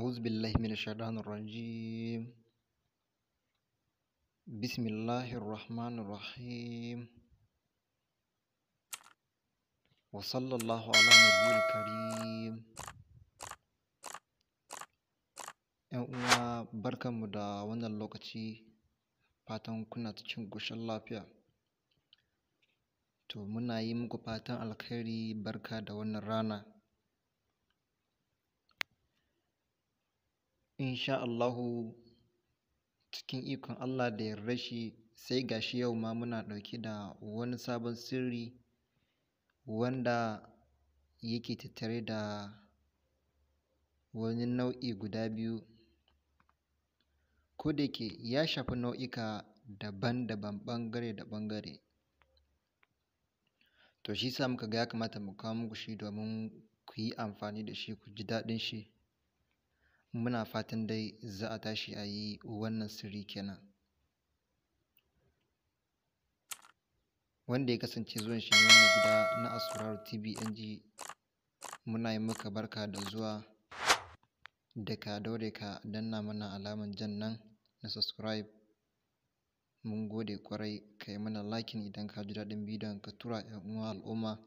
أعوذ بالله من الشيطان الرجيم بسم الله الرحمن الرحيم وصلى الله على النبي الكريم ‘Yan uwa barkanmu da wannan lokaci fatan kuna cikin ƙoshin lafiya to muna yi muku fatan alkhairi barka da wannan rana insha Allahu cikin ikon Allah da yarda shi sai ga shi yau ma muna ɗauke da wani sabon sirri wanda yake tattare da wani nau'i guda biyu ko da yake ya shafi nau'ika daban-daban ɓangare da ɓangare to shi sa muka ga ya kamata mu kawo muku shi domin ku yi amfani da shi ku ji daɗin shi muna fatan dai za a tashi a yi wannan sirri kenan wanda ya kasance zuwan shi ne gida na Asuraru TV muna yi maka barka da zuwa da ka daure ka danna mana alaman jan nan na subscribe mun gode kwarai ka yi mana lakin idan ka ji daɗin bidiyon ka tura ‘yan uwa al'umma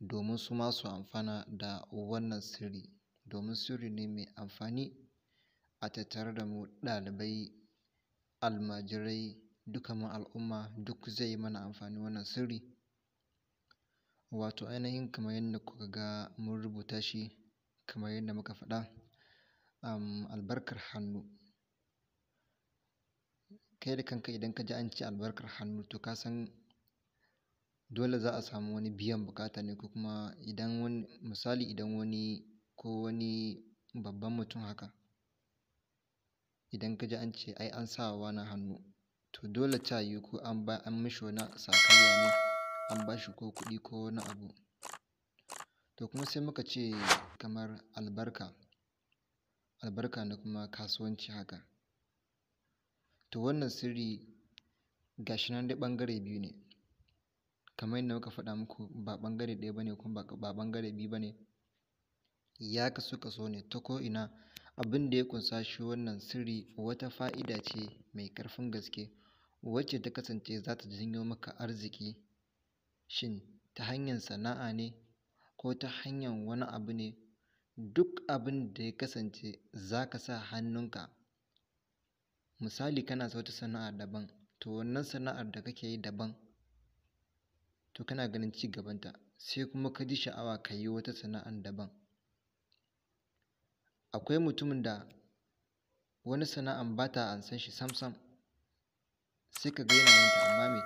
domin su ma su amfana da wannan sirri domin sirri ne mai amfani a tattare da mu ɗalibai almajirai duka mu al'umma duk zai yi mana amfani wannan sirri wato ainihin kamar yadda kuka ga mun rubuta shi kamar yadda muka faɗa um, albarkar hannu kai da kanka idan ka ji an ce albarkar hannu to ka san dole za a samu wani biyan bukata ne ko kuma idan wani misali idan wani ko wani babban mutum haka idan ka ji an ce ai an sa wa na hannu to dole ta yiwu ko an ba an mishi wani sakayya ne an ba shi ko kuɗi ko wani abu to kuma sai muka ce kamar albarka albarka na kuma kasuwanci haka to wannan sirri ga shi nan dai ɓangare biyu ne kamar yadda muka faɗa muku ba ɓangare ɗaya ba ne kuma ba ɓangare biyu ba ne ya kasu kaso ne ta ko ina Abin da ya ƙunsa shi wannan sirri wata fa'ida ce mai ƙarfin gaske wacce ta kasance za ta janyo maka arziki. Shin ta hanyar sana'a ne ko ta hanyar wani abu ne, duk abin da ya kasance za ka sa hannunka. Misali kana wata sana'a daban, to wannan sana'ar da kake yi daban, to kana ganin ci gabanta, sai kuma ka ji sha'awa ka yi wata sana'ar daban. Akwai mutumin da wani sana'an ba ta ansan shi sam-sam, sai ka ga yana yin ta amma me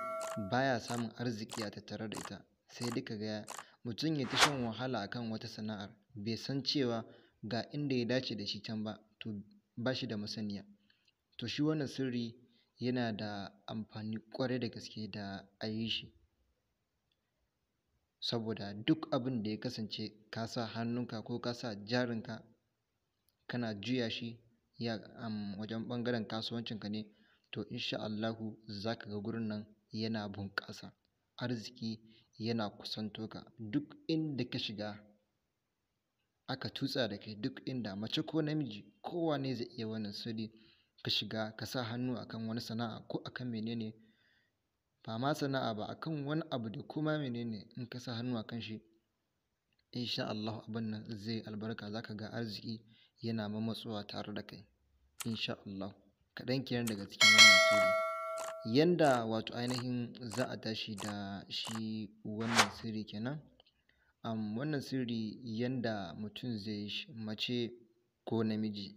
ba ya samun arziki a tattare da ita. Sai dai ka ga mutum ya ta shan wahala akan wata sana'ar bai san cewa ga inda ya dace da shi can ba, to ba shi da masaniya. To shi wannan sirri yana da amfani kwarai da gaske da a yi shi. Saboda duk abin da ya kasance ka sa hannunka ko ka sa jarinka kana juya shi ya um, wajen ɓangaren kasuwancinka ne to insha Allahu za ka ga gurin nan yana bunƙasa arziki yana kusanto ka duk inda ka shiga aka tutsa da kai duk inda mace ko namiji kowa ne zai iya wannan sirri ka shiga ka sa hannu akan wani sana'a ko akan menene ba ma sana'a ba akan wani abu da kuma menene in ka sa hannu akan shi insha Allahu abin nan zai albarka zaka ga arziki yana mamatsuwa tare da kai insha Allah kaɗan kenan daga cikin wannan sirri yanda wato ainihin za a tashi da shi wannan sirri kenan um, wannan sirri yanda mutum zai mace ko namiji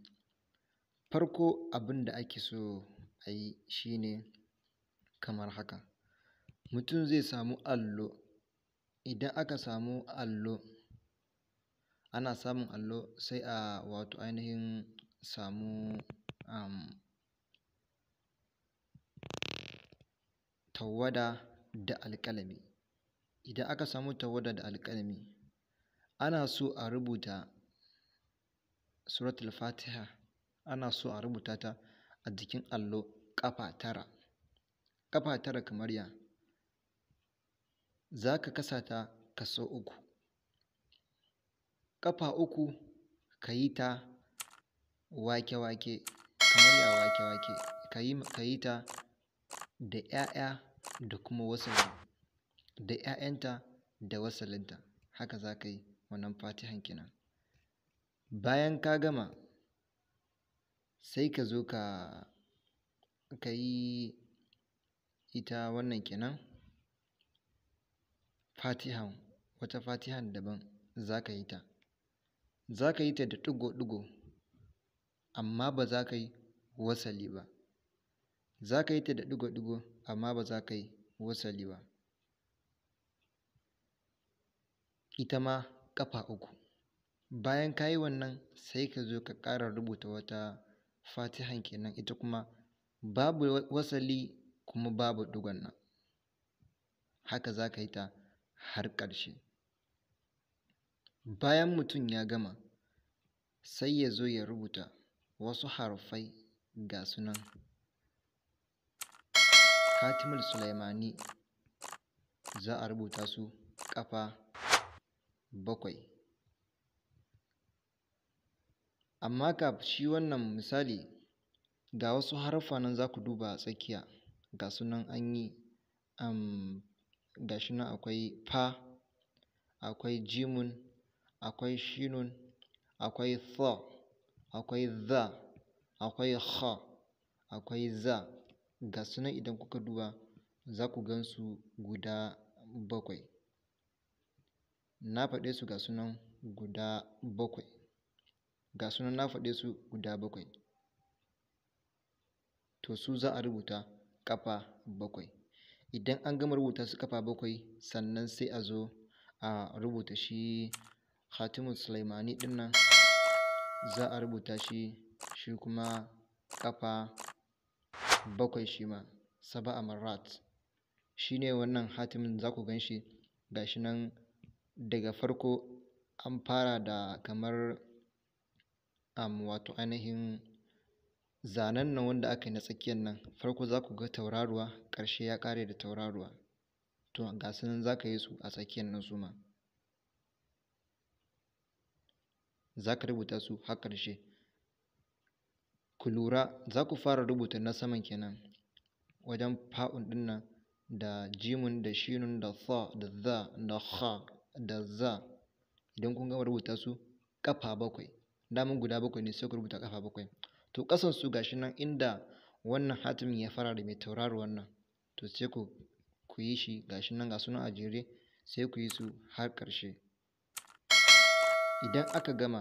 farko abin da ake so a yi shi ne kamar haka mutum zai samu allo idan aka samu allo ana samun allo sai a wato ainihin samu um, tawada da alƙalami idan aka samu tawada da alƙalami ana so a rubuta suratul fatiha ana so a rubuta ta a jikin allo ƙafa tara ƙafa tara kamar ya za ka kasa ta kaso uku ƙafa uku ka yi ta wake-wake kamar ya wake-wake ka yi ta da 'ya'ya da kuma wasali da 'ya'yanta da wasalinta haka za ka yi wannan fatihan kenan bayan ka gama sai ka zo ka ka yi ita wannan kenan fatihan wata fatihan daban za ka yi ta za ka yi ta da ɗigo-ɗigo amma ba za ka yi wasali ba za ka yi ta da ɗigo-ɗigo amma ba za ka yi wasali ba ita ma ƙafa uku bayan ka yi wannan sai ka zo ka ƙara rubuta wata fatihan kenan ita kuma babu wasali kuma babu ɗigon nan haka za ka yi ta har ƙarshe Bayan mutum ya gama, sai ya zo ya rubuta wasu harafai ga sunan. Katimul Sulaimani za a rubuta su ƙafa bakwai. Amma ka shi wannan misali ga wasu haruffa nan za ku duba a tsakiya ga sunan an yi am ga shi nan akwai fa, akwai jimun. akwai shinun akwai tha akwai za akwai ha akwai za ga sunan idan kuka duba za ku gan su guda bakwai na faɗe su ga sunan guda bakwai ga sunan na faɗe su guda bakwai to su za a rubuta ƙafa bakwai idan an gama rubuta su ƙafa bakwai sannan sai a zo a rubuta shi hatimu Sulaimani din nan za a rubuta shi shi kuma ƙafa bakwai shi ma saba'a marat shi ne wannan hatimin za ku gan shi ga shi nan daga farko an fara da kamar um, wato ainihin zanen nan wanda aka yi na tsakiyan nan farko za ku ga tauraruwa ƙarshe ya ƙare da tauraruwa to ga su nan za ka yi su a tsakiyan nan su ma za ka rubuta su har ƙarshe ku lura za ku fara rubuta na saman kenan wajen fa'un ɗin nan da jimun da shinun da fa, da za da ha da za idan kun gama rubuta su ƙafa bakwai daman guda bakwai ne sai ku rubuta ƙafa bakwai to ƙasan su gashi nan inda wannan hatimin ya fara da mai tauraro wannan to sai ku yi shi gashi nan ga sunan a jere sai ku yi su har ƙarshe idan aka gama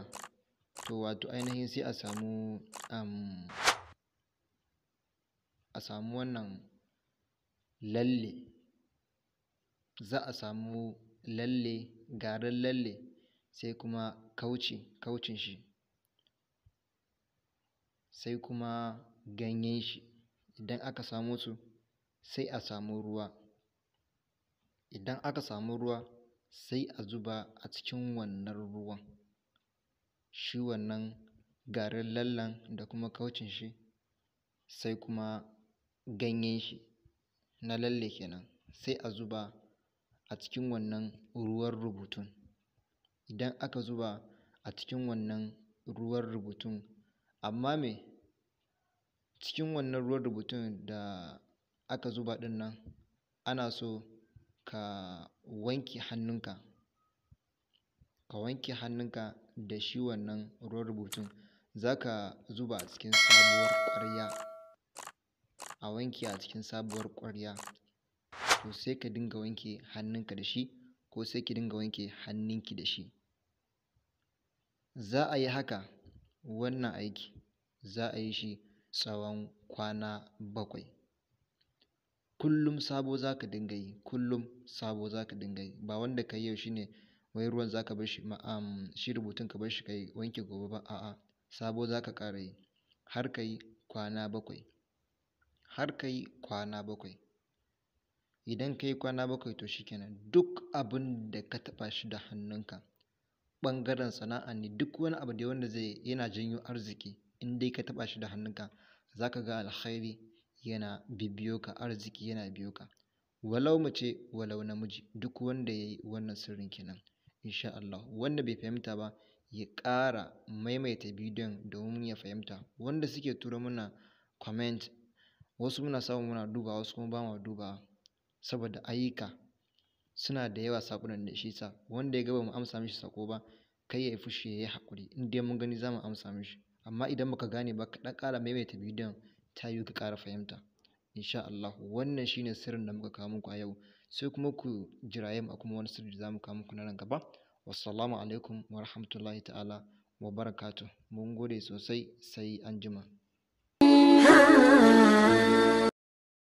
to wato ainihin sai a samu a samu wannan lalle za a samu lalle garin lalle sai kuma kauci kaucin shi sai kuma ganyen shi idan aka samu su sai a samu ruwa idan aka samu ruwa sai a zuba a cikin wannan ruwan shi wannan garin lallan da kuma kaucin shi sai kuma ganyen shi na lalle kenan sai a zuba a cikin wannan ruwan rubutun idan aka zuba a cikin wannan ruwan rubutun amma me cikin wannan ruwan rubutun da aka zuba ɗin nan ana so ka wanke hannunka ka wanke hannunka da shi wannan ruwan rubutun za ka zuba a cikin sabuwar ƙwarya a wanke a cikin sabuwar ƙwarya to sai ka dinga wanke hannunka da shi ko sai ki dinga wanke hannunki da shi za a yi haka wannan aiki za a yi shi tsawon kwana bakwai kullum sabo za ka dinga yi kullum sabo za ka dinga yi ba wanda ka yi yau shine wai ruwan za ka bar shi ma'am shi rubutun ka bar shi ka yi wanke gobe ba a'a sabo za ka ƙara yi har ka yi kwana bakwai har ka yi kwana bakwai idan ka yi kwana bakwai to shi kenan. duk abin da ka taɓa shi da hannunka ɓangaren sana'a ne duk wani abu da wanda zai yana janyo arziki in dai ka taɓa shi da hannunka za ka ga alkhairi yana bibbiyo ka arziki yana biyo ka walau ce walau namiji duk wanda ya yi wannan sirrin kenan insha Allah wanda bai fahimta ba ya ƙara maimaita bidiyon domin ya fahimta wanda suke tura mana comment wasu muna samu muna duba wasu kuma ba mu duba saboda ayyuka suna da yawa sakunan da shi sa wanda ya gaba mu amsa mishi sako ba kai ya yi fushi ya yi haƙuri in dai mun gani za mu amsa mishi amma idan baka gane ba ka ɗan ƙara maimaita bidiyon ta yiwu ka ƙara fahimta. Insha Allahu wannan shine sirrin da muka kawo muku a yau. Sai kuma ku jira yau a kuma wani sirri da za mu kawo muku na nan gaba. Wassalamu alaikum wa rahmatullahi ta'ala wa barakatuh. Mun gode sosai sai anjima.